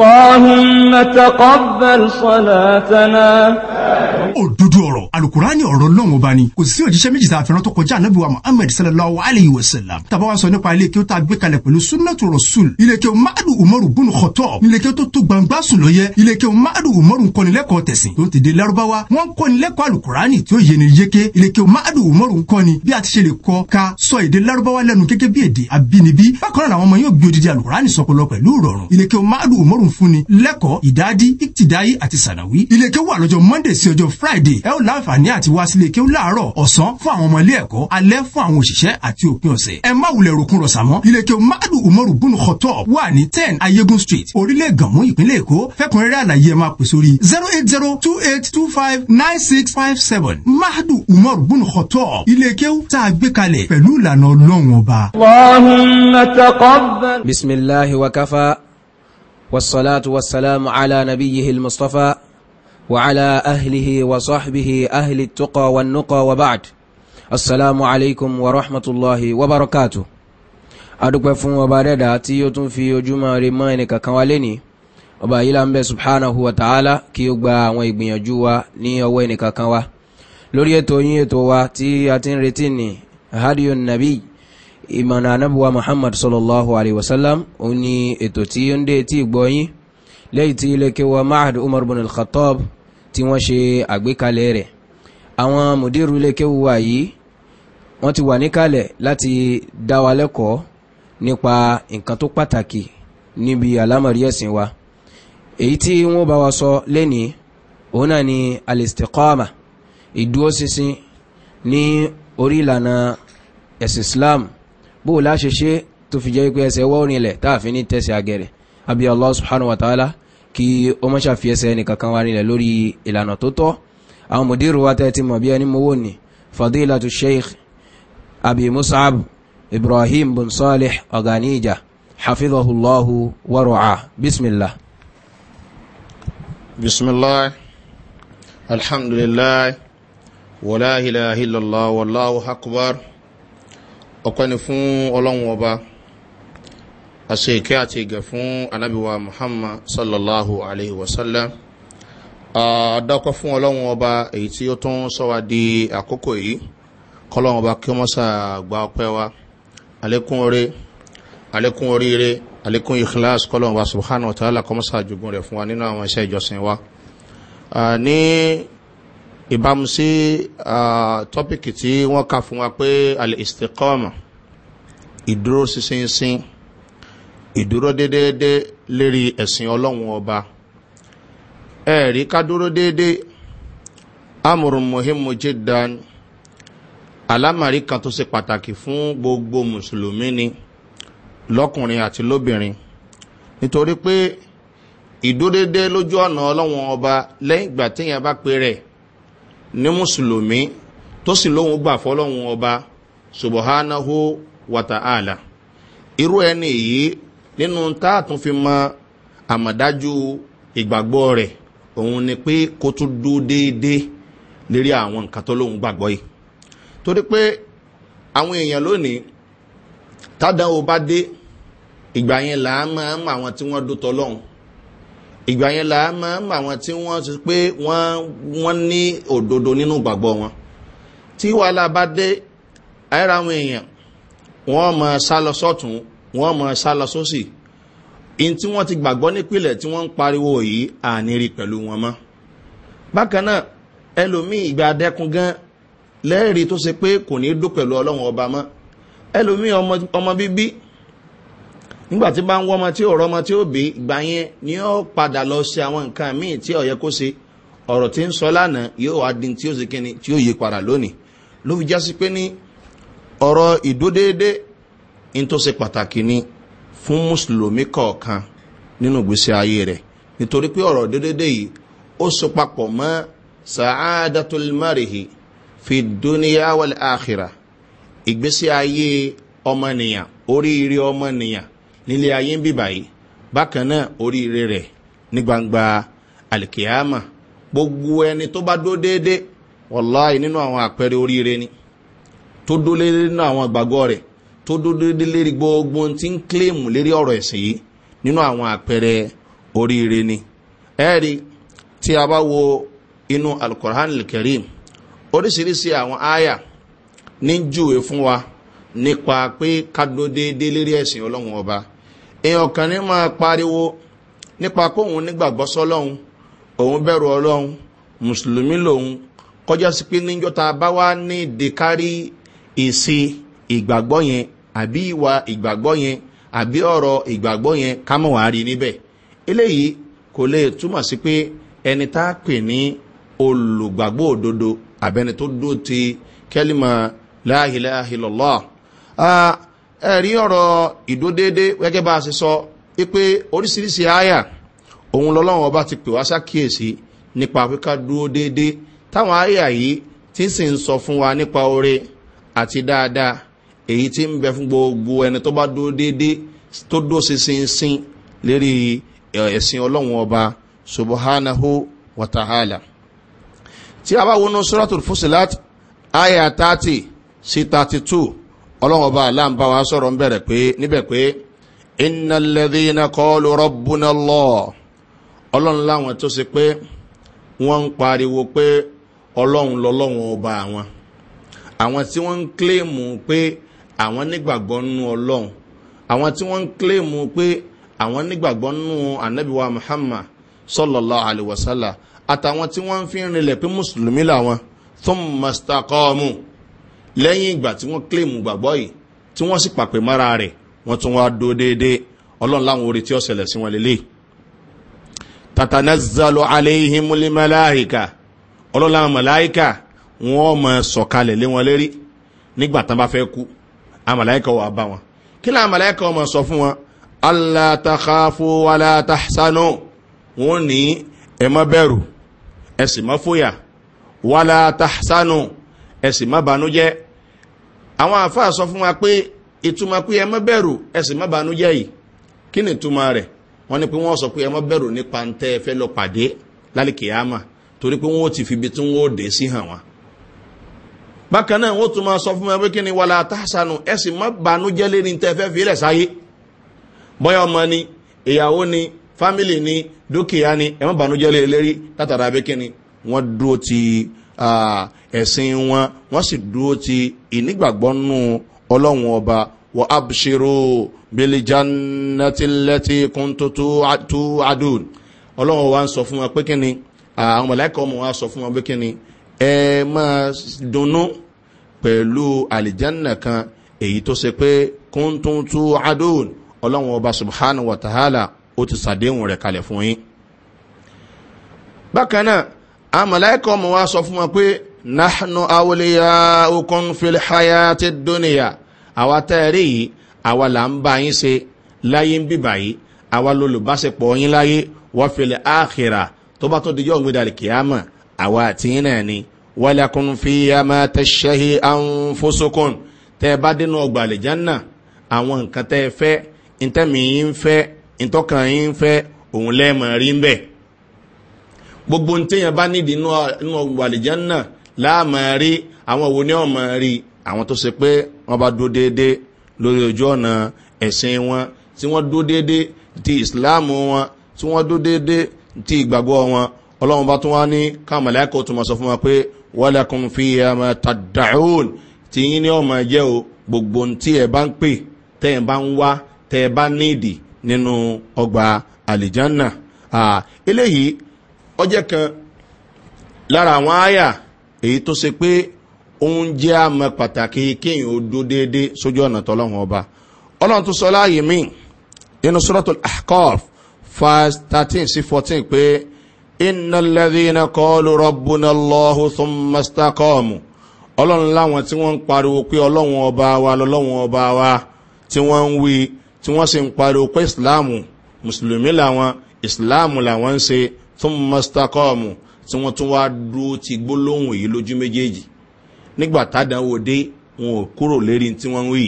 اللهم تقبل صلاتنا òdodo ọ̀rọ̀ alukurani ọ̀rọ̀ lọ́wọ́n ọba ni kò sí òjíṣẹ́ méjì tá a fẹ́ràn tó kọjá anabi wa muhammed sallallahu alayhi wa sallam tàbá wa sọ nípa ilé kí ó gbé kalẹ̀ pẹ̀lú sunnatu rasul ilé kí madu umaru bunu kọtọ ilé kí ó tó tó gbangba sùn lọ ilé kí madu umaru nkọ́nilẹ́kọ̀ọ́ tẹ̀sìn tó ń tẹ̀dé larubawa wọ́n ń alukurani tí ó yẹ ni yeke ilé kí madu umaru nkọ́ni bí a ti ṣe lè kọ́ ka sọ èdè larubawa lẹ́nu gẹ́gẹ́ bí èdè abínibí bákan náà àwọn ọmọ yóò gbé alukurani sọpọlọ pẹ̀lú ìrọ̀rùn ilé kí madu umaru fúnni lẹ́kọ̀ọ́ ìdádi ìtìdáyé àti sànàwí ilé kí ó wà lọ́jọ́ monday sí ọjọ́ friday ẹ ó láǹfààní àti wá sílé kí ó láàárọ̀ ọ̀sán fún àwọn ọmọ ilé ẹ̀kọ́ alẹ́ fún àwọn òṣìṣẹ́ àti òpin ọ̀sẹ̀ ẹ má wulẹ̀ rokun rọ̀sà mọ́ ilé kí o madu umaru bunu kọtọ wà ní ten ayégun street orílẹ̀ gànmú ìpínlẹ̀ èkó fẹ́kùnrẹ́rẹ́ àlàyé ẹ máa pè sórí zero eight zero two eight two five nine six five seven madu umaru bunu kọtọ ilé kí ó tá a gbé kalẹ̀ pẹ̀lú ìlànà ọlọ́run ọba. bisimilahi wakafa wasalaatu wasalaamu ala nabiyyihi mustapha. وعلى أهله وصحبه أهل التقى والنقى وبعد السلام عليكم ورحمة الله وبركاته adúpẹ́ fún ọba dẹ́dà tí ó tún fi ojúmọ́ rẹ mọ́ ẹnì kankan wa lẹ́ni ọba yìí là ń bẹ subhanahu wa ta'ala kí ó gba àwọn ìgbìyànjú wa ní ọwọ́ ẹnì kankan wa lórí ètò yín ètò wa tí a ti ń retí ní hadiyo nabi ìmọ̀nà anábùwà muhammad sallallahu alayhi wa sallam òun ni ètò tí ó ń dé etí ìgbọ́ yín lẹ́yìn tí ilé kéwà mahad umar bin al-khattab tí wọ́n ṣe àgbékalẹ̀ rẹ̀ àwọn mùdírù lékéwu wa yìí wọ́n ti wà níkàlẹ̀ láti dá wa lẹ́kọ̀ọ́ nípa nǹkan tó pàtàkì níbi àlámọ̀rí ẹ̀sìn wa èyí tí wọ́n bá wa sọ lénìí òun náà ni alistikọ́ọ̀mà ìdúróṣinṣin ní orí ìlànà ẹ̀sìn islam bó o láṣẹ ṣe tó fi jẹ́ pé ẹsẹ̀ wọ́ọ̀rin ilẹ̀ táàfin ní tẹ̀sí agẹ̀rẹ̀ abi allah subhanahu wa ta'ala kí ó mọ́ ṣàfihẹsẹ̀ ẹnìkankan wá nílẹ̀ lórí ìlànà tó tọ́ àwọn mùdírù wa tẹ́tí mọ̀ bí ẹni mowó ni fadilatu sheikh abi musab ibrahim bin salih ọ̀gáníjà hafidhahullahu waru'a bismillah bismillah alhamdulillah wala ilaha illallah wallahu akbar ọ̀pẹ́ni fún ọlọ́run ọba ase ike ati ige fún anabiwa muhammad sallallahu alaihi wasallam. sallam adakọ fún ọlọ́run ọba èyí tí ó tún sọ́wà di àkókò yìí kọlọ́run ọba kí wọ́n sà gba ọpẹ́ wa alekun ore alekun oríire alekun ikhlas kọlọ́run ọba subhanahu wa ta'ala kọ́ mọ́sà jogun rẹ̀ fún wa nínú àwọn iṣẹ́ ìjọsìn wa ní ìbámu sí tọ́pìkì tí wọ́n kà fún wa pé al-istiqama ìdúró sísinsin. Si ìdúró déédéé lérí ẹ̀sìn ọlọ́run ọba ẹ̀rí ká dúró déédéé amòrùn mohimu jidan alámàrí kan tó ṣe pàtàkì fún gbogbo mùsùlùmí ni lọ́kùnrin àti lóbìnrin nítorí pé ìdúródé lójú ọ̀nà ọlọ́run ọba lẹ́yìn ìgbà téèyàn bá pe rẹ̀ ní mùsùlùmí tó sì lóhun gbà fọlọ́run ọba subahánahu wàtàhálà irú ẹni yìí nínú tá tún fi mọ àmọ̀dájú ìgbàgbọ́ rẹ̀ òun ni pé kó tún dúró déédéé lérí àwọn nǹkan tó lóun gbàgbọ́ yìí torí pé àwọn èèyàn lónìí tádàwọ̀ bá dé ìgbà yẹn là á máa ń mọ àwọn tí wọ́n dótọ́ lọ́hùn ìgbà yẹn là á máa ń mọ àwọn tí wọ́n sọ pé wọ́n ní òdodo nínú ìgbàgbọ́ wọn tí wàhálà bá dé àìrà àwọn èèyàn wọ́n máa sá lọ sọ́tún wọ́n mọ̀ sálọ sósì in tí wọ́n ti gbàgbọ́ nípìnlẹ̀ tí wọ́n ń pariwo yìí àníri pẹ̀lú wọn mọ́ bákan náà ẹlòmíì ìgbà dẹ́kun gan lẹ́ẹ̀rí tó ṣe pé kò ní dó pẹ̀lú ọlọ́run ọba mọ́ ẹlòmíì ọmọ bíbí nígbà tí bá ń wọ́ ọmọ tí ò rọ́mọ tí ó bí ìgbà yẹn ni ó padà lọ ṣe àwọn nǹkan míì tí ọ̀yẹ́ kó ṣe ọ̀rọ̀ tí ń sọ lánàá yóò wá dín tí ó ṣe kíni tí ó yí padà lónìí ló fi jásí pé ní ọ̀rọ̀ ìdódéédéé in tó ṣe pàtàkì ni fún mùsùlùmí kọ̀ọ̀kan nínú ìgbésí ayé rẹ̀ nítorí pé ọ̀rọ̀ dédédé yìí ó so papọ̀ mọ́ sàádàtúlmárìhì fi dúníyàwó àkìrà ìgbésí ayé ọmọnìyàn oríire ọmọnìyàn nílé ayé ń bíbà yìí bákan náà oríire rẹ̀ ní gbangba alikiyama gbogbo ẹni tó bá dó déédé wọláì nínú àwọn àpẹẹrẹ oríire ni tó dó lé nínú àwọn ìgbàgbọ́ rẹ̀ tó dódódé lérí gbogbo tí ń kílèmù lérí ọ̀rọ̀ ẹ̀sìn yìí nínú àwọn àpẹẹrẹ oríire ni ẹ̀rí tí a bá wo inú alukoran lkerim oríṣiríṣi àwọn àyà ní júwe fún wa nípa pé ká dódódé lérí ẹ̀sìn ọlọ́run ọba èèyàn kan ní máa pariwo nípa kóhun nígbàgbọ́ sọlọ́hun òun bẹ̀rù ọlọ́hun mùsùlùmí lòun kọjá sí pé níjọ́ bá wá ní ìdíkárí ìsìn ìgbàgbọ́ yẹn àbí ìwà ìgbàgbọ́ yẹn àbí ọ̀rọ̀ ìgbàgbọ́ yẹn kámọ̀ wá rí níbẹ̀ eléyìí kò lè túmọ̀ sí pé ẹni tá a pè ní olùgbàgbọ́ òdodo àbẹni tó dó ti kẹ́límà láhìláhìlọ́lá ẹ̀rí ọ̀rọ̀ ìdódédé gẹ́gẹ́ bá a ṣe sọ pé oríṣiríṣi àyà òun lọ́lọ́run ọba ti pè wá sákìyèsí nípa pípa dúró déédéé táwọn àyà yìí tí sì ń sọ fún wa nípa oore àti dáadáa èyí tí ń bẹ fún gbogbo ẹni tó bá dúró déédéé tó dúró sísinsin lérí ẹ̀sìn ọlọ́run ọba subahánahu wàtàhálà tí a bá wọnú sọ́rọ́tò fúsìlát àyà tààtì sí tààtì tù ọlọ́run ọba aláǹbá wa sọ̀rọ̀ níbẹ̀rẹ̀ pé níbẹ̀ pé iná lẹ́dí iná kọ́ọ̀lù rọ́bùnà lọ ọlọ́run láwọn tó ṣe pé wọ́n ń pariwo pé ọlọ́run lọ́lọ́run ọba àwọn àwọn tí wọ́n ń àwọn nígbàgbọ́ nú ọlọ́run àwọn tí wọ́n ń kílèmù pé àwọn nígbàgbọ́ nú anabiwa muhammad sallallahu alayhi wa sallam àtàwọn tí wọ́n fi ń rinlẹ̀ pé mùsùlùmí làwọn fún mastakọ́ọ̀mù lẹ́yìn ìgbà tí wọ́n kílèmù gbàgbọ́ yìí tí wọ́n sì pàpè mára rẹ̀ wọ́n tún wá dó déédéé ọlọ́run láwọn orí tí ó ṣẹlẹ̀ sí wọn lélẹ̀ tatanazalo aleihim limalaika ọlọ́run láwọn malaika wọ́n mọ̀ sọ̀kalẹ̀ lé wọn lérí nígbà tán bá fẹ́ kú àmàlẹ́kọ̀ wà bá wọn kí lá àmàlẹ́kọ̀ ọmọ sọ fún wọn alátakafo alátasánú wọn ní ẹ mọ́ bẹ̀rù ẹ sì mọ́ fòyà wàlátasánú ẹ sì mọ́ banújẹ́ àwọn àfáà sọ fún wa pé ìtumọ̀ pé ẹ bẹ̀rù ẹ sì mọ́ banújẹ́ yìí kí ni ìtumọ̀ rẹ̀ wọ́n ní pé wọ́n sọ pé ẹ bẹ̀rù nípa ń tẹ́ fẹ́ lọ pàdé lálẹ́ kìámà torí pé wọ́n ti fi ibi tí wọ́n ó dé sí hàn wọn bákan náà wọ́n tún máa sọ fún ẹ pé kí ni wàlá àtàṣànù ẹ sì má bànújẹ́ lé ní tẹ́fẹ́ fílẹ̀ sáyé bọ́yá ọmọ ni ìyàwó ni fámìlì ni dúkìá ni ẹ má bànújẹ́ lé lérí látara pé kí ni wọ́n dúró ti ẹ̀sìn wọn wọ́n sì dúró ti ìnígbàgbọ́ nù ọlọ́run ọba wọ́n abṣirò bílí jánátìlẹ́tì kúntótó àdùn ọlọ́run wa ń sọ fún wọn pé kí ni àwọn mọ̀lẹ́kọ̀ọ́ mọ̀ wá sọ fún wọn pé kí ni ẹ máa dunnú pẹ̀lú àlìjánà kan èyí tó ṣe pé kúntúntú adóòn ọlọ́run ọba subhanahu wa ta'ala ó ti sàdéhùn rẹ̀ kalẹ̀ fún yín bákan náà àmàláìkọ́ mọ̀ wá sọ fún wọn pé nahnu awliya okun filhaya ti dúnìyà àwa tẹ́ẹ̀rí yìí àwa là ń bá yín ṣe láyé ń bíbà yìí àwa lolùbáṣepọ̀ yín láyé wọ́n fi lè áàkìrà tó bá tó dijọ́ ògbédàlì kìámà àwa àti yín náà ni wàlẹ́kùn fi amátẹ́sẹ́hì àǹfọ́sọ́kùn tẹ́ ẹ bá dénú ọgbà àlìjánà àwọn nǹkan tẹ́ fẹ́ ntẹ́mi yín ń fẹ́ gbogbo ntẹ́yìn bá nídìí inú ọgbà àlìjánà láàmọ̀ rí àwọn ni ọmọ rí àwọn tó ṣe pé wọ́n bá dúró lórí ojú ọ̀nà ẹ̀sìn wọn tí wọ́n dúró ti ìsìláàmù wọn tí wọ́n dúró déédéé ti ìgbàgbọ́ wọn ọlọ́run bá tún wá ní káàmàlẹ́kọ̀ọ́ tó ma sọ fún wa pé wọ́lẹ́kùn fi ẹ̀mọ tàdáhùn tí yín ní ọmọ ẹ̀jẹ̀ o gbogbo tí ẹ bá ń pè tẹ́ ẹ bá ń wá tẹ́ ẹ bá níìdì nínú ọgbà àlìjánà eléyìí ọjẹ́ kan lára àwọn àyà èyí tó ṣe pé oúnjẹ àmọ́ pàtàkì kéèyàn ó dó déédéé sójú ọ̀nà tọ́lọ́run ọba ọlọ́run tó sọ láàyè míì nínú sọ́dọ̀tò àkọ́ọ̀f five thirteen sí fourteen pé. إن الذين قالوا ربنا الله ثم استقاموا ọlọ́run láwọn tí wọ́n ń pariwo pé ọlọ́run ọba wa lọ́lọ́run ọba wa tí wọ́n ń wí tí wọ́n sì ń pariwo pé ìsìláàmù mùsùlùmí làwọn ìsìláàmù làwọn ń ṣe fún mọ́sítákọ́ọ̀mù tí wọ́n tún wá dúró ti gbólóhùn yìí lójú méjèèjì nígbà tádàwò dé wọn ò kúrò lérí tí wọ́n ń wí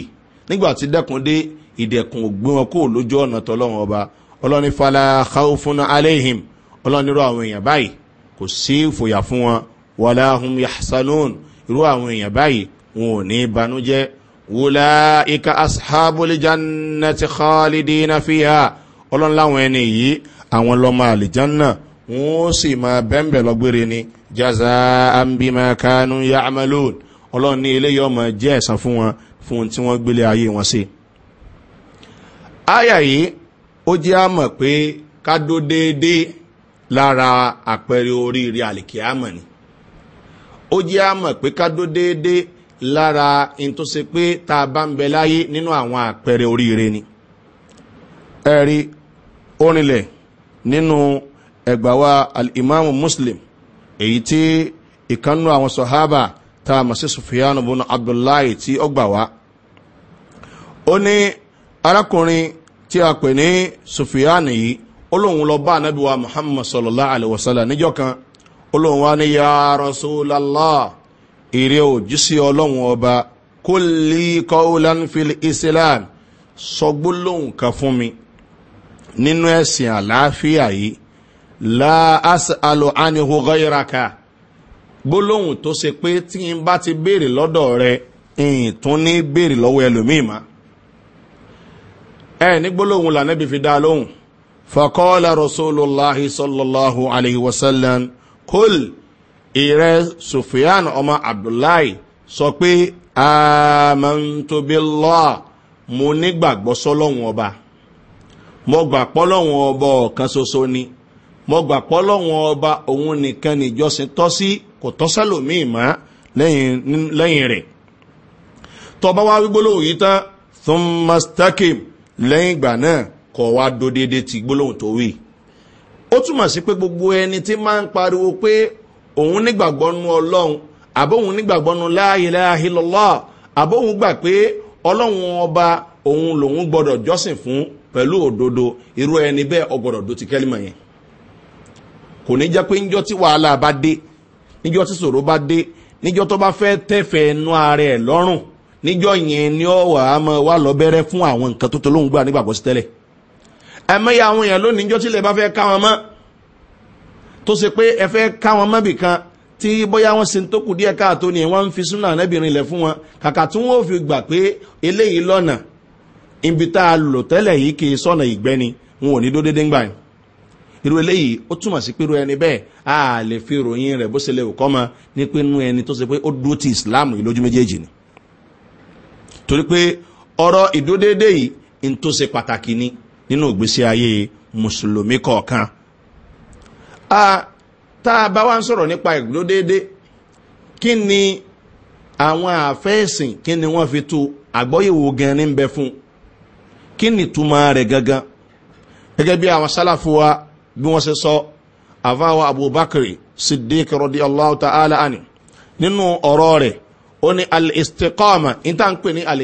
nígbà tí dẹ́kun dé ìdẹ̀kùn ò gbé wọn kúrò lójú ọ̀nà tọ́lọ́run ọba ọlọ́run falẹ̀ ọlọ́nirú àwọn èèyàn báyìí kò sí ìfòyà fún wọn wàlá ahun yahsanun irú àwọn èèyàn báyìí wọn ò ní banújẹ́ wùlá ika ashabulijanna ti khalidina fiha ọlọ́nláwọn ẹni yìí àwọn lọ́mọ àlìjánná wọn ó sì máa bẹ́ńbẹ̀ lọ́gbére ni jaza ambima kanu yamalun ọlọ́run ní eléyìí ọmọ jẹ́ ẹ̀sán fún wọn fún tí wọ́n gbélé ayé wọn sí. àyà ó jẹ́ àmọ̀ pé ká dó déédéé lára àpẹẹrẹ oríire àlìkíámọ̀ ni ó jẹ́ àmọ̀ pé ká dó déédé lára in tó pé tá a bá ń bẹ láyé nínú àwọn àpẹẹrẹ oríire ni ẹ̀rí orinlẹ̀ nínú ẹgbàwa al'imamu muslim èyí tí ìkannú àwọn sọ̀hábà tá a mọ̀ sí sufiyanu bunu abdullahi tí ó gbà wá ó ní arákùnrin tí a pè ní sufiyanu yìí olóhùn lọ bá anabi wa muhammad sallallahu alayhi wa sallam níjọ kan olóhùn wa ni ya rasulallah èrè o jísé ọlọ́hùn ọba kó lè kọ́ọ́lán fil islam sọgbólóhùn kan fún mi nínú ẹ̀sìn àlàáfíà yìí láàásì alo anihu gọ́ìraka gbólóhùn tó ṣe pé tí n bá ti béèrè lọ́dọ̀ rẹ ìtún ní béèrè lọ́wọ́ ẹlòmíì má ẹ ní gbólóhùn lànà ibi fi dá lóhùn. فقال رسول الله صلى الله عليه وسلم قل إيري سفيان أما عبد الله سوكي آمنت بالله mo nígbàgbọ́ sọ́lọ́hún ọba mo gbà pọ́lọ́hún ọba ọ̀kan ṣoṣo ni mo gbà pọ́lọ́hún ọba òun nìkan níjọsìn tọ́ sí kò tọ́ sẹ́lòmíì mọ́ lẹ́yìn rẹ̀ tọba wa wígbólóhùn yìí tán thummastakim lẹ́yìn ìgbà náà kọ̀ wá do dédé ti gbólóhùn tó wì ó túmọ̀ sí pé gbogbo ẹni tí máa ń pariwo pé òun nígbàgbọ́ nu ọlọ́run àbóhun nígbàgbọ́ nu láàyè láàyè lọ́lọ́ àbóhun gbà pé ọlọ́run ọba òun lòun gbọ́dọ̀ jọ́sìn fún pẹ̀lú òdodo irú ẹni bẹ́ẹ̀ ọgbọ̀dọ̀ do ti kẹ́límọ̀ yẹn kò ní jẹ́ pé níjọ́ tí wàhálà bá dé níjọ́ tí sòro bá dé níjọ́ tó bá fẹ́ tẹ̀fẹ̀ ẹnu ara ẹ̀ lọ́rùn níjọ́ yẹn ni ọ̀wà á mọ wà lọ bẹ́rẹ́ fún àwọn nǹkan tó tó gbà nígbàgbọ́ sí tẹ́lẹ̀ ẹ̀mẹ́yà àwọn èèyàn lónìí jọ́ tílẹ̀ bá fẹ́ ká wọn mọ́ tó ṣe pé ẹ fẹ́ ká wọn mọ́ bìkan tí bóyá wọ́n se tó kù díẹ̀ káàtó ni wọ́n ń fi súnà anábìrin ilẹ̀ fún wọn kàkà tí wọ́n fi gbà pé eléyìí lọ́nà ibi tá a lò tẹ́lẹ̀ yìí kì í sọ̀nà ìgbẹ́ni wọn ò ní dó dédé ńgbà yìí irú eléyìí ó túmọ̀ sí pé irú ẹni bẹ́ẹ̀ a lè fi ròyìn rẹ̀ bó ṣe lè kọ́ ma ní pé inú ẹni tó ṣe pé ó dúró ti islam yìí lójú méjèèjì ni torí pé ọ̀rọ̀ ìdódédé yìí ń tó ṣe pàtàkì ni nínú ìgbésí ayé mùsùlùmí kọ̀ọ̀kan tá a bá wá ń sọ̀rọ̀ nípa ìgbó déédé kí ni àwọn àfẹ́ẹ̀sìn kí ni wọ́n fi tu àgbọ́yẹ̀wò gan ní bẹ fún kí ni túmọ̀ rẹ̀ gangan gẹ́gẹ́ bí àwọn sálàfù wa bí wọ́n ṣe sọ àfáwà abubakar siddiq rọ̀dí allahu ta'ala ani nínú ọ̀rọ̀ rẹ̀ ó ní al-istiqama ìta ń pè ní al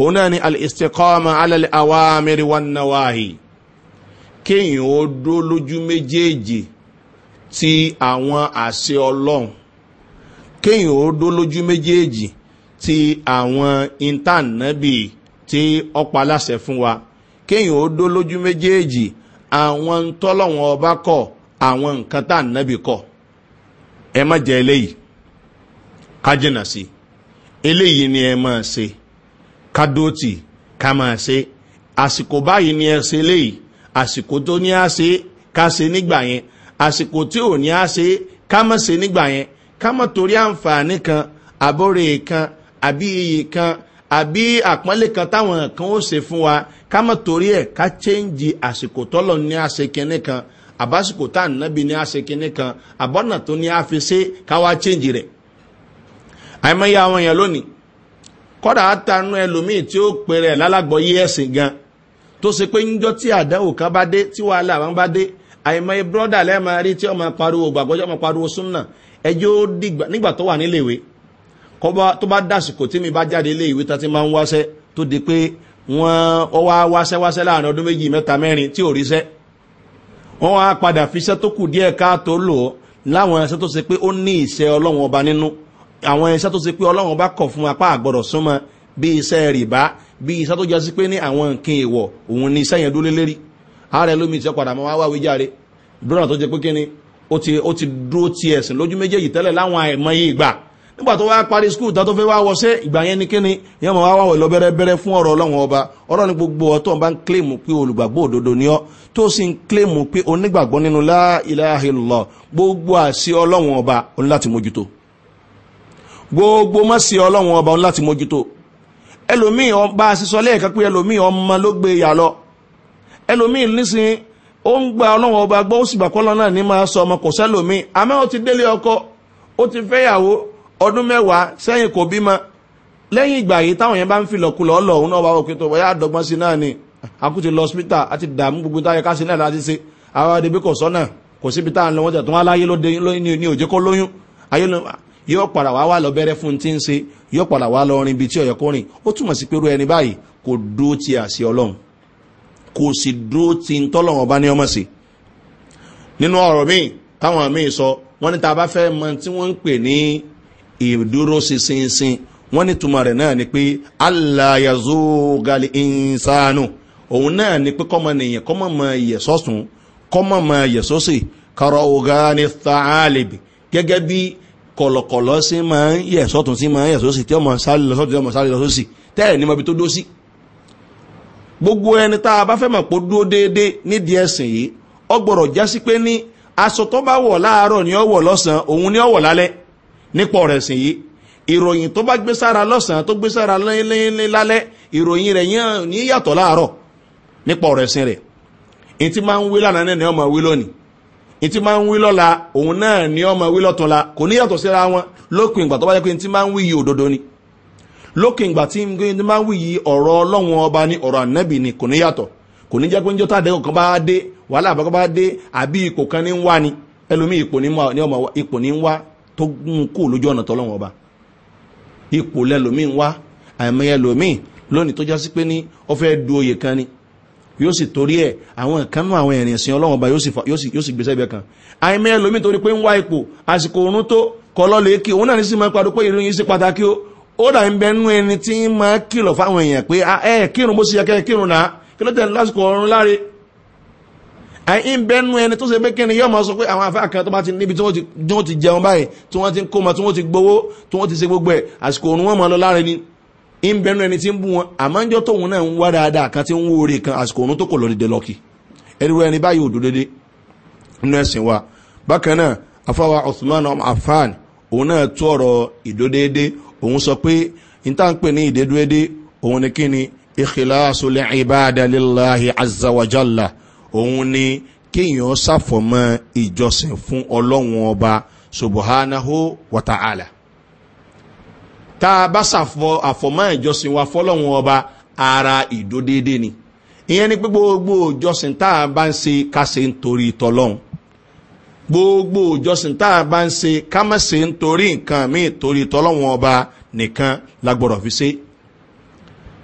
òun náà ni al-istiqama alal awamiri wa nawahi kéèyàn ó dó lójú méjèèjì ti àwọn àṣẹ ọlọ́run kéèyàn ó dó lójú méjèèjì ti àwọn intanẹ́bì tí ọ̀pá aláṣẹ fún wa kéèyàn ó dó lójú méjèèjì àwọn ntọ́lọ́wọ́n ọba kọ̀ àwọn nǹkan tá nẹ́bì kọ̀ ẹ má jẹ eléyìí kájìnà sí eléyìí ni ẹ máa ṣe. Kadoti kama se ṣe àsìkò báyìí ni ẹ ṣe léyìí àsìkò tó ní á ṣe ká ṣe nígbà yẹn àsìkò tí ò ní á ṣe ká má ṣe nígbà yẹn ká má torí àǹfààní kan àbórè kan àbí iyì kan àbí àpọ́nlé kan táwọn kan ó ṣe fún wa ká má torí ẹ̀ ká chéǹjì àsìkò tọ́lọ̀ ní á ṣe kan àbásìkò tá à ń nábì ní kan àbọ̀nà tó ní á fi ṣe ká wá chéǹjì rẹ̀ àìmọye àwọn èèyàn lónìí kọ́dà àtànú ẹlòmíì tí ó pèrè lálàgbọ́yé ẹ̀sìn gan tó ṣe pé níjọ́ tí àdánwò kan bá dé tí wàhálà wọn bá dé àìmọye brọ́dà lẹ́ẹ̀ma rí tí ọmọ pariwo gbàgbọ́ ọmọ pariwo súnà ẹjọ́ dìgbà nígbà tó wà níléèwé tó bá dàsìkò tí mi bá jáde iléèwé tá ti máa ń wáṣẹ́ tó di pé wọ́n wá wáṣẹ́ wáṣẹ́ láàrin ọdún méjì mẹ́ta mẹ́rin tí ò ríṣẹ́ wọ́n wá padà fiṣẹ́ tó kù díẹ̀ káàtó lò láwọn ẹṣẹ́ tó ṣe pé ó ní ìṣẹ́ ọlọ́run ọba nínú àwọn iṣẹ́ tó ṣe pé ọlọ́run bá kọ̀ fún apá àgbọ̀dọ̀ súnmọ́ bí iṣẹ́ rìbá bí iṣẹ́ tó jásí pé ní àwọn nǹkan èèwọ̀ òun ni iṣẹ́ yẹn dúró lérí ààrẹ lómi ti padà máa wá wíjáre dúró tó jẹ pé kíni ó ti ó ti dúró ti ẹ̀sìn lójú méjèèjì tẹ́lẹ̀ láwọn àìmọye ìgbà nígbà tó wá parí skul tó fẹ́ wá wọṣẹ́ ìgbà yẹn ni kíni yẹn máa wá wọ̀ lọ bẹ́rẹ́bẹ́rẹ́ fún ọ̀rọ̀ ọlọ́run ọba ọ̀rọ̀ ni gbogbo ọ̀tọ̀ bá ń kílèmù pé olùgbàgbọ́ òdodo ni ọ́ tó sì ń kílèmù pé onígbàgbọ́ nínú láìláhìlọ́ gbogbo àṣẹ ọlọ́run ọba ó mójútó gbogbo mọ́sí ọlọ́run ọba láti mójútó ẹlòmíì bá a sísọ lẹ́ẹ̀kan pé ẹlòmíì ọmọ ló gbé yà lọ ẹlòmíì nísìn ó ń gba ọlọ́run ọba gbọ́ ó sì gbà kọ́lọ́ náà ní máa sọ ọmọ kò sẹ́lòmíì àmọ́ ó ti délé ọkọ ó ti fẹ́yàwó ọdún mẹ́wàá sẹ́yìn kò bímọ lẹ́yìn ìgbà yìí táwọn yẹn bá ń filọ̀ kulọ̀ ọlọ̀ òun náà wà òkè tó bọ́yá àdọ́gbọ́n sí náà ni àkútì lọ sípítà àti dààmú gbogbo táyẹ ká sí náà láti ṣe àwọn adébí sọ́nà kò síbi táà wọ́n tẹ̀ tó wá láyé ló ní òjé lóyún ayé yóò padà wá wà lọ́bẹ̀rẹ̀ fún tí ń ṣe yóò padà wá lọ rin ibi tí ọ̀yọ́ kó rìn ó túmọ̀ sí pé irú ẹni báyìí kò dúró ti àṣẹ ọlọ́run kò sì dúró ti ń tọ́lọ̀ ọba ní ọmọ sí nínú ọ̀rọ̀ míì táwọn míì sọ wọ́n ní ta bá fẹ́ mọ tí wọ́n ń pè ní ìdúró ṣinṣin wọ́n ní túmọ̀ rẹ̀ náà ni pé alayazo gali insanu òun náà ni pé kọ́mọ nìyẹn kọ́mọ mọ ìyẹ̀sọ́sùn kọ́mọ mọ ìyẹ̀sọ́sì kọ́rọ̀ ọ̀gá ní tààlẹ̀bì gẹ́gẹ́ bíi kọ̀lọ̀kọ̀lọ̀ sí máa ń yẹ̀ sọ́tún sí máa ń yẹ̀ sósì tí ọmọ sáré lọ sọ́tún tí ọmọ sáré lọ sósì tẹ́ẹ̀ ní mọbi tó dó sí gbogbo ẹni tá a bá fẹ́ mọ̀ pé dúró déédéé nídìí ẹ̀sìn yìí ọgbọ̀rọ̀ já sí pé ní aṣọ tó bá wọ̀ láàárọ̀ ni ọwọ̀ lọ́sàn-án òun ni ọwọ̀ lálẹ́ nípa ọ̀rẹ̀ sìn yìí ìròyìn tó bá gbé sára lọ́sàn-án tó gbé sára lálẹ́ ìròyìn rẹ̀ yẹn ni ọmọ wí ìtí máa ń wí lọ́la òun náà ni ọmọ wí lọ́tún la kò ní yàtọ̀ síra wọn lókùn ìgbà tó bá jẹ́ pé tí máa ń wí yìí òdodo ni lókùn ìgbà tí máa ń wí yìí ọ̀rọ̀ ọlọ́run ọba ni ọ̀rọ̀ ànábì ni kò ní yàtọ̀ kò ní jẹ́ pé níjọ́ tàdé kan bá dé wàhálà àbá kan bá dé àbí ipò kan ní ń wá ni ẹlòmíì ipò ní ọmọ ipò ní ń wá tó ń kú lójú ọ̀nà tọ́lọ́run ọba yóò sì torí ẹ̀ àwọn ìkánú àwọn ìrìn ìsìn ọlọ́wọ̀n bá yóò sì gbèsè ibẹ̀ kan àìmọ́ ẹlòmí torí pé ń wá ipò àsìkò oorun tó kọlọ́ lè kí òun náà ní sí máa padà pé ìròyìn sí pàtàkì ó ó dà ń bẹ nú ẹni tí ń máa kìlọ̀ fáwọn èèyàn pé ah, ẹ kírun bó ṣe yẹ kẹ́ kírun náà kí ló tẹ̀ lásìkò oorun láre àyìn bẹ nú ẹni tó ṣe pé kíni yóò máa sọ pé àwọn afẹ́ kan ni ń bẹnu ẹni tí ń bú wọn àmọ́njọ́ tóun náà ń wá dáadáa kan tí ń wó oore kan àsìkò òun tó kò lọ lọ́kì ẹni wọ́n ẹni báyìí òdò dédé nínú ẹ̀sìn wa bákan náà afáwa osman afan òun náà tó ọ̀rọ̀ ìdódédé òun sọ pé níta ń pè ní ìdédédé òun ni kí ni ìkìláṣu lè ibadalilahi azawajalla òun ni kéèyàn ṣàfọ̀mọ́ ìjọsìn fún ọlọ́run ọba subahánahu wàtàálà tá a bá ṣàfọ àfọmọ́ ìjọsìn wa fọlọ́run ọba ara ìdódédé ni ìyẹn ni pé gbogbo ìjọsìn tá a bá ń ṣe ká ṣe nítorí tọlọ́run gbogbo ìjọsìn tá a bá ń ṣe ká má ṣe nítorí nǹkan míì torí tọlọ́run ọba nìkan lágbọ́dọ̀ fi ṣe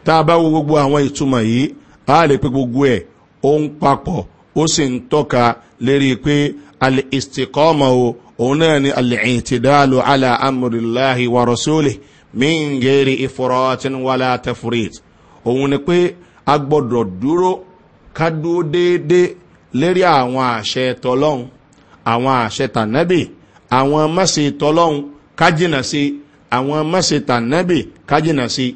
tá a bá wo gbogbo àwọn ìtumọ̀ yìí a lè pe gbogbo ẹ̀ ó ń papọ̀ ó sì ń tọ́ka lérí pé alẹ́ ìsìkọ́mọ̀ o òun náà ni alẹ́ ìtìdáàlù alẹ́ amúrìláhi wa rọ̀sọ́lẹ̀ min gèrè ìfọ̀rọ̀tìn wàlá tẹfúrẹ́t òun ni pé a gbọ́dọ̀ dúró ká dúró déédéé lérí àwọn àṣẹ tọlọ́hún àwọn àṣẹ tànẹ́bì àwọn mẹ́sẹ̀ tọlọ́hún ká jìnà sí àwọn mẹ́sẹ̀ tànẹ́bì ká jìnà sí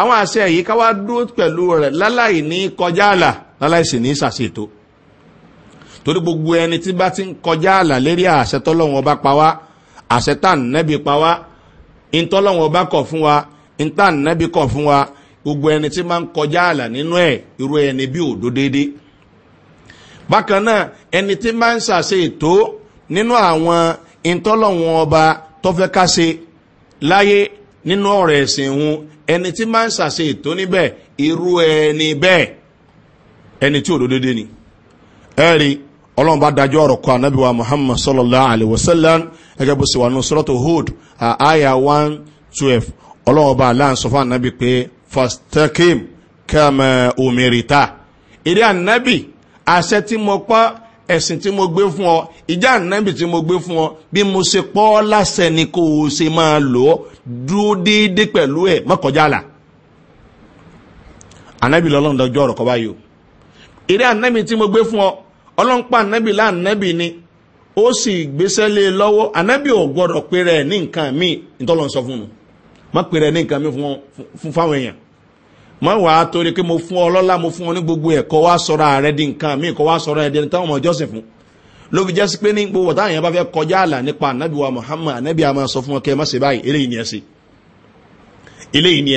àwọn àṣẹ yìí ká wá dúró pẹ̀lú rẹ̀ láláì ní kọjá àlà láláì sì ní sàṣètò torí gbogbo ẹni tí bá ti ń kọjá àlà lérí àṣẹ tọlọ́hún ọba pa wá àṣẹ tànẹ́bì pa wá ntọ́lọ́wọ́n ọba kọ̀ fún wa ntá nàbí kọ̀ fún wa gbogbo ẹni tí máa ń kọjá àlà nínú ẹ̀ irú ẹni bí òdo dédé bákan náà ẹni tí máa ń ṣàṣe ètò nínú àwọn ntọ́lọ́wọ́n ọba tọ́fẹ́ láyé nínú ọ̀rọ̀ ẹ̀sìn òun ẹni tí máa ń ṣàṣe ètò níbẹ̀ irú ẹni bẹ́ẹ̀ ẹni tí òdo dédé ni ẹ̀rí. E ọlọ́run bá dájọ́ ọ̀rọ̀ kọ anábì wa muhammad sallallahu alayhi wa sallam gẹ́gẹ́ bó ṣe wà ní sọ́rọ́tò hood àyà one ọlọ́run bá aláǹ sọ fún anábì pé fastakim kama omerita eré anábì àṣẹ tí mo pa ẹ̀sìn tí mo gbé fún ọ ìjà anábì tí mo gbé fún ọ bí mo ṣe pọ́ láṣẹ ni kò ṣe máa lò ó dúró déédéé pẹ̀lú ẹ̀ mọ́kànjá là anábì lọ́lọ́run dájọ́ ọ̀rọ̀ kọ báyìí o eré anábì tí mo gbé fún ọ ọlọ́npá anabi láànábì ni ó sì gbéṣẹ́ lé e lọ́wọ́ ànábì ò gbọ́dọ̀ pé rẹ̀ ní nǹkan míì ìtọ́lọ́ sọ fún un má pé rẹ̀ ní nǹkan fáwọn èèyàn má wà á torí pé mo fún ọ lọ́la mo fún ọ ní gbogbo ẹ̀ wá ààrẹ di nǹkan míì kọ́ wá sọ̀rọ̀ ẹ̀dẹ̀ táwọn ọmọ ìjọsìn fún ló fi jẹ́ sí kọjá àlà nípa anabi wa muhammad anabi a máa sọ fún ọ kẹ́ má ṣe báyìí eléyìí ni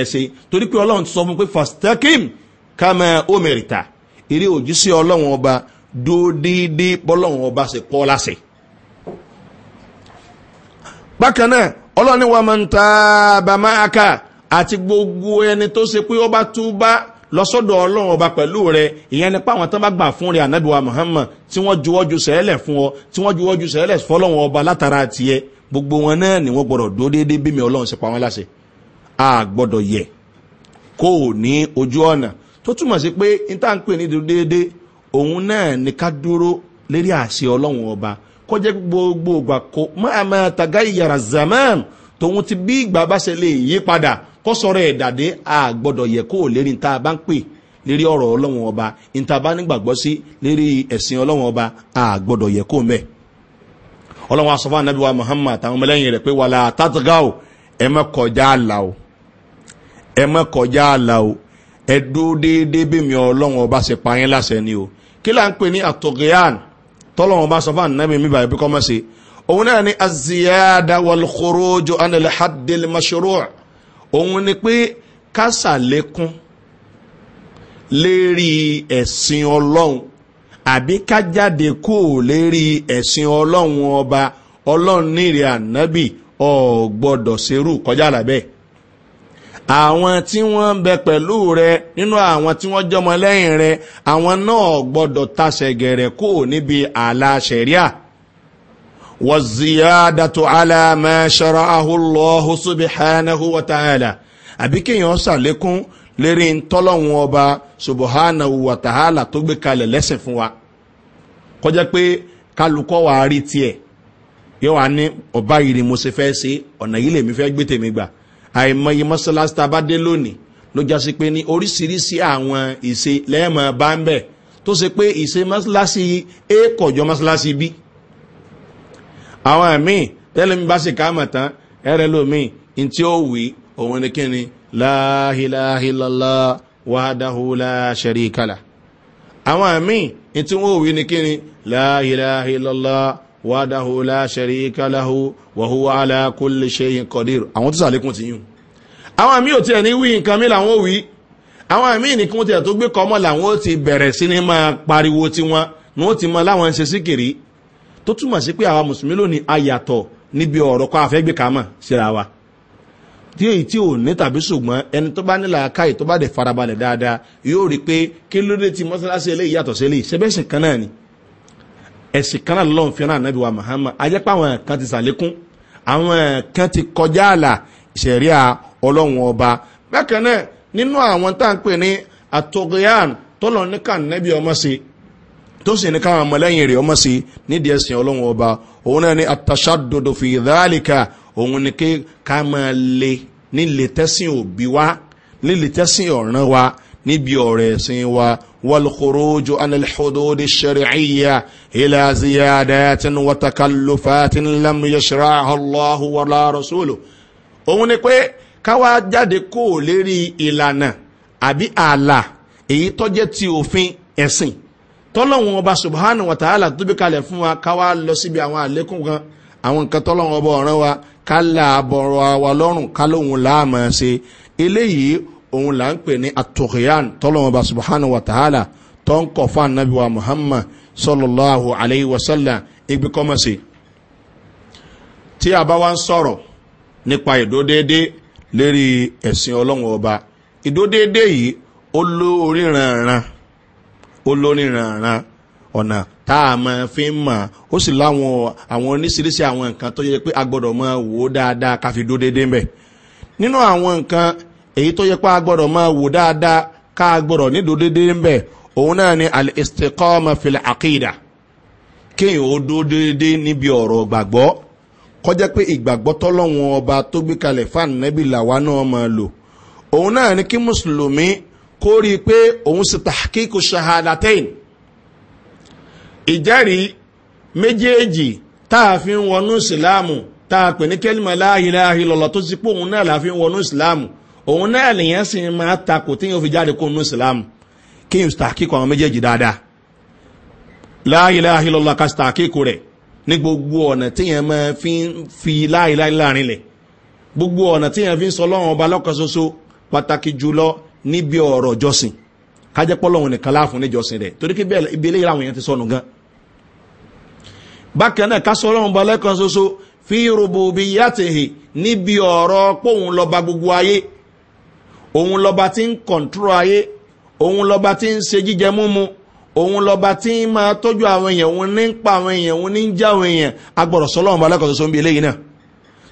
dúó déédéé bọ́lọ́run ọba ṣe pọ́ láṣẹ. bákan náà ọlọ́ni wa máa ń ta bàmá aka àti gbogbo ẹni tó ṣe pé ọba tó bá lọ́sọ́dọ̀ ọlọ́run ọba pẹ̀lú rẹ ìyẹn nípa àwọn tán bá gbà fún rẹ ànábìwá muhammad tí wọ́n juwọ́ ju sẹ́lẹ̀ fún ọ tí wọ́n juwọ́ ju sẹ́lẹ̀ fọlọ́run ọba látara tiẹ̀ gbogbo wọn náà ni wọ́n gbọ́dọ̀ dúró déédéé bí mi ọlọ́run ṣe pa wọ́n láṣẹ a gbọ́dọ̀ yẹ kó o ní ojú ọ̀nà tó túmọ̀ sí pé n tá ní déédéé òun náà ní ká dúró lérí àṣẹ ọlọ́run ọba kọjá gbogbo ògbà kó máa máa tàgá ìyàrá zaman tòun ti bí ìgbà bá ṣe lè yí padà kó sọ̀rọ̀ ẹ̀dàdé yẹ kó lérí ní bá ń pè lérí ọba a bá yẹ kó ọlọ́run asọ́fà nàbí wa muhammad àtàwọn ọmọlẹ́yìn rẹ̀ pé wàlá o ẹ o ẹ kọjá o ẹ dúró déédéé bí mi ọba ṣe pa yín láṣẹ kí là ń pè ní àtọ̀gẹ́yàn tọ́lọ́wọ́n bá sọ fún ànábì mi báyìí bí kọ́ mọ́ sí òun náà ni aziyada walkorojo anil hadil mashuru òun ni pé kásà lékún lérí ẹ̀sìn ọlọ́run àbí ká kó lérí ẹ̀sìn ọlọ́run ọba ọlọ́run nírìn ànábì ọ̀ gbọ́dọ̀ serú kọjá làbẹ́ẹ̀ àwọn tí wọ́n ń bẹ pẹ̀lú rẹ nínú àwọn tí wọ́n jọmọ lẹ́yìn rẹ àwọn náà gbọ́dọ̀ taṣẹ̀ gẹ̀rẹ̀ kó níbi àlà ṣẹ̀ríà wọ̀zíyádàtò aláàmà ṣọ́rọ̀ ahùlọ́hù subhanahu wa ta'ala àbí kéèyàn ṣàlékún lérí ntọ́lọ́hun ọba subhanahu wa ta'ala tó gbé kalẹ̀ lẹ́sìn fún wa kọjá pé kálukọ́ wa rí tiẹ̀ yóò wá ní ọba yìí ni mo ṣe fẹ́ ṣe ọ̀nà yìí lèmi fẹ́ gbé tèmi gbà àìmọye mọ́sálásí tá a bá dé lónìí ló já sí pé ní oríṣiríṣi àwọn ìṣe lẹ́ẹ̀mọ̀ bá ń bẹ̀ tó ṣe pé ìṣe mọ́sálásí a kọ̀jọ́ mọ́sálásí b àwọn míì tẹ́lẹ̀ mi bá ṣe káàmọ̀ tán ẹ̀rẹ́ lómi ntí ó wí òun ni kíni láhìláhìlọ́lá wàdáhùlá ṣẹ̀ríkàlà àwọn míì ntí wọ́n wí ni kíni láhìláhìlọ́lá wàdàhù láṣẹ̀rí káláhù wàhúwà alákólè ṣe ìkọ̀dìr àwọn tó sàlékún ti yún àwọn àmì ò tí ẹ̀ ní wí nǹkan mi làwọn ò wí àwọn àmì ìnìkún tí ẹ̀ tó gbé kọmọ́ làwọn ó ti bẹ̀rẹ̀ sí ní máa pariwo tiwọn ní ó ti mọ láwọn ṣe sí kiri tó túmọ̀ sí pé àwa mùsùlùmí lónìí ayàtọ̀ níbi ọ̀rọ̀ kọ́ àfẹ́ gbé kàmọ̀ síra wa tí èyí tí ò ní tàbí ṣùgbọ́n ẹni tó bá nílà káyì tó bá dẹ̀ farabalẹ̀ dáadáa yóò rí pé kí lóde ti mọ́sálásí eléyìí yàtọ̀ sí eléyìí ṣẹbẹ́sìn kan náà ni ẹ̀sìn kan náà lọ́n fi náà nàbí wa mahama ajẹ́ pé àwọn kan ti sàlékún àwọn kan ti kọjá àlà ìṣẹ̀ríà ọlọ́run ọba bákan náà nínú àwọn tá à ń pè ní àtọ̀gẹ́yàn tọ́lọ̀ níkà nàbí ọmọ sí tó sì ní káwọn ọmọlẹ́yìn rẹ̀ ọmọ sí nídìí ẹ̀sìn ọlọ́run ọba òun náà ni àtàṣàdodo fi ìdálìkà òun ni kí ká máa le nílé tẹ́sìn òbí wa nílé tẹ́sìn ọ̀ràn wa níbi ọ̀rọ̀ ẹ̀sìn wa wàlùkúrójú alẹ́lẹ́xódódé ṣẹ̀rẹ̀ẹ́yà ìlàzíyà dáyàtìn wàtàkàlùfàtìn lámúyẹ̀ṣẹ̀rẹ̀ àhọ́láhù wàlá rọ̀ṣọ́lù. òun ni pé káwá jáde kó o lérí ìlànà àbí ààlà èyí tọ́jẹ́ ti òfin ẹ̀sìn tọ́lọ́wọ́n ọba subhanahu wa ta'ala tóbi kalẹ̀ fún wa káwá lọ síbi àwọn àlékún kan àwọn nǹkan tọ́lọ́wọ́n ọba ọ̀ràn wa ká àbọ̀rọ̀ wa lọ́rùn ká lóhun ṣe eléyìí òun là ń pè ní atọ̀kìyàn tọ́lọ́mọba subhanahu wa ta'ala tó ń kọ̀ fún anabi wa muhammad sallallahu alayhi wa sallam kọ́mọ̀sí. tí a bá wá ń sọ̀rọ̀ nípa ìdódéédé lérí ẹ̀sìn ọba ìdódéédé yìí ó lóríranran ó ọ̀nà tá fi ń mọ̀ ó sì láwọn àwọn oníṣiríṣi àwọn nǹkan tó yẹ pé a gbọ́dọ̀ wò ó dáadáa ká èyí tó yẹ pé a gbọ́dọ̀ máa wò dáadáa ká a gbọ́dọ̀ nídòó déédéé ń bẹ̀ òun náà ni al-istikọ́ọ̀mà fìlà àkìdá kéèyàn ó dó déédéé níbi ọ̀rọ̀ gbàgbọ́ kọjá pé ìgbàgbọ́ tọ́lọ́wọ́n ọba tó gbé kalẹ̀ fáànẹ́bí làwa náà máa lò òun náà ni kí mùsùlùmí kó rí i pé òun sì tàkíkù ṣahadatain ìjẹ́rìí méjèèjì tá a fi ń wọnú ìsìláàmù tá a pè ní kẹ́lìmọ̀ láàhìláàhì lọ́lọ́ tó ti pé òun náà la fi ń wọnú ìsìláàmù òun náà lèyàn sì máa takò tí yóò fi jáde kó nù ìsìlámù kí n sàkíkọ àwọn méjèèjì dáadáa láàyèláàyè lọ́la ká rẹ̀ ní gbogbo ọ̀nà tí yẹn fi fi láàyèláàyè láàrin lẹ̀ gbogbo ọ̀nà tí yẹn fi sọ lọ́wọ́n ọba lọ́kàn pàtàkì jùlọ níbi ọ̀rọ̀ jọ́sìn kájẹ́pọ̀ lọ́wọ́n nìkan láàfún rẹ̀ torí òun lọba tí ń kọ̀ǹtúrò ayé òun lọba tí ń ṣe jíjẹ múmu òun lọba tí ń máa tọ́jú àwọn èèyàn òun ní ń pa àwọn èèyàn òun ní ń já àwọn èèyàn agbọ̀rọ̀ sọlọ́run balẹ̀ kọ̀ọ̀sọ̀ sọ́nbi eléyìí náà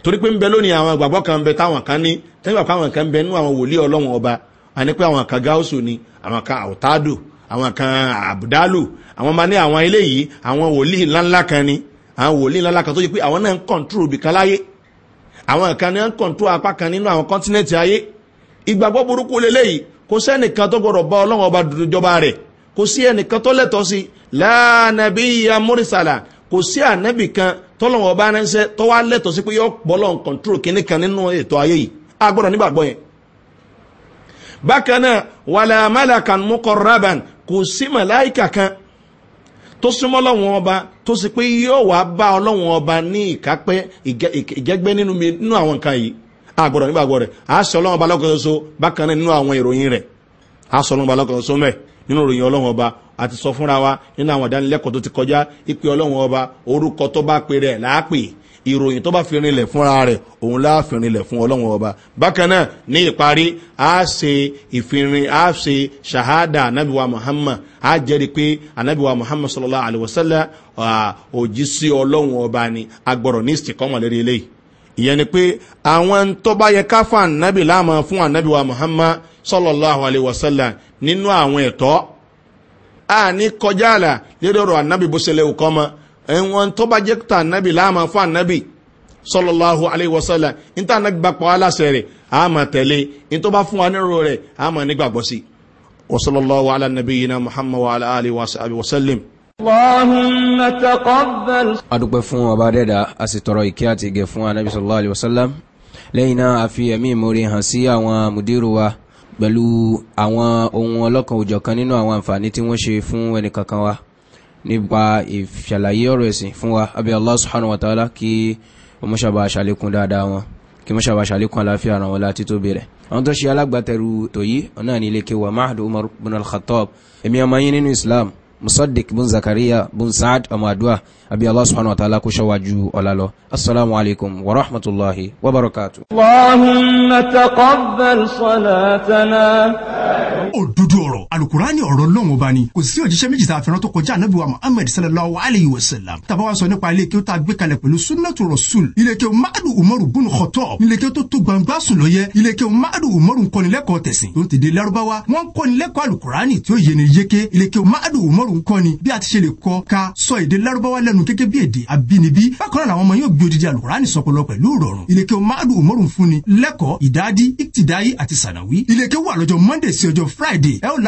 torí pé ń bẹ lónìí àwọn ìgbàgbọ́ kan bẹ táwọn kan ní tẹ́lifà pé àwọn kan bẹ nínú àwọn wòlíì ọlọ́run ọba àní pé àwọn kan gáúsù ni àwọn kan àwòtádù àwọn kan àbùdálù àwọn máa ní àwọn eléyìí àwọn wòlíì ńláńlá kan ni àwọn wòlíì ńláńlá kan tó yẹ pé àwọn náà ń kọ̀ǹtúrò bìkan láyé àwọn kan náà ń kọ̀ǹtúrò apá kan nínú àwọn kọ́ńtínẹ̀tì ayé ìgbàgbọ́ burúkú leléyìí kò sẹ́nìkan tó gbọ́dọ̀ bá ọlọ́run ọba jọba rẹ̀ kò sí ẹnìkan tó lẹ́tọ́ sí láàánàbí ya múrísàlà kò sí ànábì kan tọ́lọ́run ọba ránṣẹ́ tó wá lẹ́tọ́ sí pé yọ bọ́lọ̀ kọ̀ǹtúrò kínní kan nínú ètò ayé yìí a gbọ́dọ̀ nígbàgbọ́ yẹn. bákan náà wàlẹ̀ amálàkàn mọ́kọ raban kò sí màláìkà kan tó súnmọ́ ọlọ́run ọba tó sì pé yóò wá bá ọlọ́run ọba ní ìkápẹ́ ìjẹ́gbẹ́ nínú àwọn nǹkan yìí àgbọ̀dọ̀ nígbàgbọ́ rẹ̀ àṣọ ọlọ́run ọba lọ́kàn ṣoṣo bákan náà nínú àwọn ìròyìn rẹ̀ àṣọ ọlọ́run ọba lọ́kàn ṣoṣo mẹ́ nínú ìròyìn ọlọ́run ọba àti sọ fúnra wa nínú àwọn ìdánilẹ́kọ̀ọ́ tó ti kọjá ìpè ọlọ́run ọba orúkọ tó bá pe rẹ̀ láàpè ìròyìn tó bá fi rinlẹ̀ fúnra rẹ̀ òun láàfin rinlẹ̀ fún ọlọ́run ọba bákan ní ìparí a ṣe ìfinrin a ṣe ṣahada anabiwa muhammad a jẹ́rìí pé anabiwa muhammad sallallahu alayhi wa sallam òjísé ọlọ́run ọba ni agbọ̀rọ̀ ní ìsìnkọ́mọ̀lérí eléyìí ìyẹn ni pé àwọn tó bá yẹ ká fún ànábì láàmú fún ànábì wa muhammad sallallahu alayhi wa sallam nínú àwọn ẹ̀tọ́ a ní kọjá àlà lédè ọ̀rọ̀ ànábì bó ṣẹlẹ̀ òkọ́ mọ́ ẹ̀wọ̀n tó bá jẹ́ ta ànábì láàmú fún ànábì sallallahu alayhi wa sallam níta ànábì bá pa aláṣẹ rẹ̀ a máa tẹ̀lé ní tó bá fún wa nírò rẹ̀ a máa nígbàgbọ́ wa sallallahu ala wa sallam. Allahumma taqabbal. adúpẹ́ fún ọba dẹ́dà a sì tọrọ ìkẹ́ àti ìgẹ̀ fún anabi sallallahu alayhi wa sallam lẹ́yìn náà a fi ẹ̀mí ìmoore hàn sí àwọn mùdírù wa pẹ̀lú àwọn ohun ọlọ́kan òjọ̀kan nínú àwọn àǹfààní tí wọ́n ṣe fún ẹnì kankan wa nípa ìṣàlàyé ọ̀rọ̀ ẹ̀sìn fún wa abẹ́ Allah subhanahu wa ta'ala kí ọmọṣàbà ṣàlékún dáadáa wọn kí mọ́ṣàbà ṣàlékún aláfíà ara wọn láti tó bẹ̀rẹ̀ àwọn tó ṣe alágbàtẹrù tòyí ọ̀nà ní ilé kẹwàá mahadu umar bin al-khattab èmi ọmọ yín nínú islam musaddiq bun zakariya bun saad ọmọ àdúrà àbí allah subhanahu wa ta'ala kó ṣọwájú ọlá lọ assalamu alaikum wa rahmatullahi wa barakatuh. allahumma taqabbal salatana. òdodo alukurani ọ̀rọ̀ lóhùn ọba ni kò sí òjíṣẹ́ méjì tá a fẹ́ràn tó kọjá anabi wa muhammed sallallahu alayhi wa sallam tàbá wa sọ nípa ilé kí ó tá gbé kalẹ̀ pẹ̀lú sunnatu rasul ilé kí o madu umaru bunu kọtọ ilé kí o tó tó gbangba sùn lọ yẹ ilé kí o madu umaru nkọnilẹ́kọ̀ọ́ tẹ̀sìn tó ń tèdè larubawa wọ́n ń alukurani tí ó yé ni yéke ilé kí o madu umaru nkọni bí a ti ṣe lè kọ ka sọ èdè larubawa lẹ́nu gẹ́gẹ́ bí èdè abínibí bákan náà alukurani sọpọlọ pẹ̀lú ìrọ̀rùn ilé umaru ń fúnni lẹ́kọ̀ọ́ ìdádi ìtìdáyé àti sànàwí ilé kí o wà lọ́jọ́ friday ẹ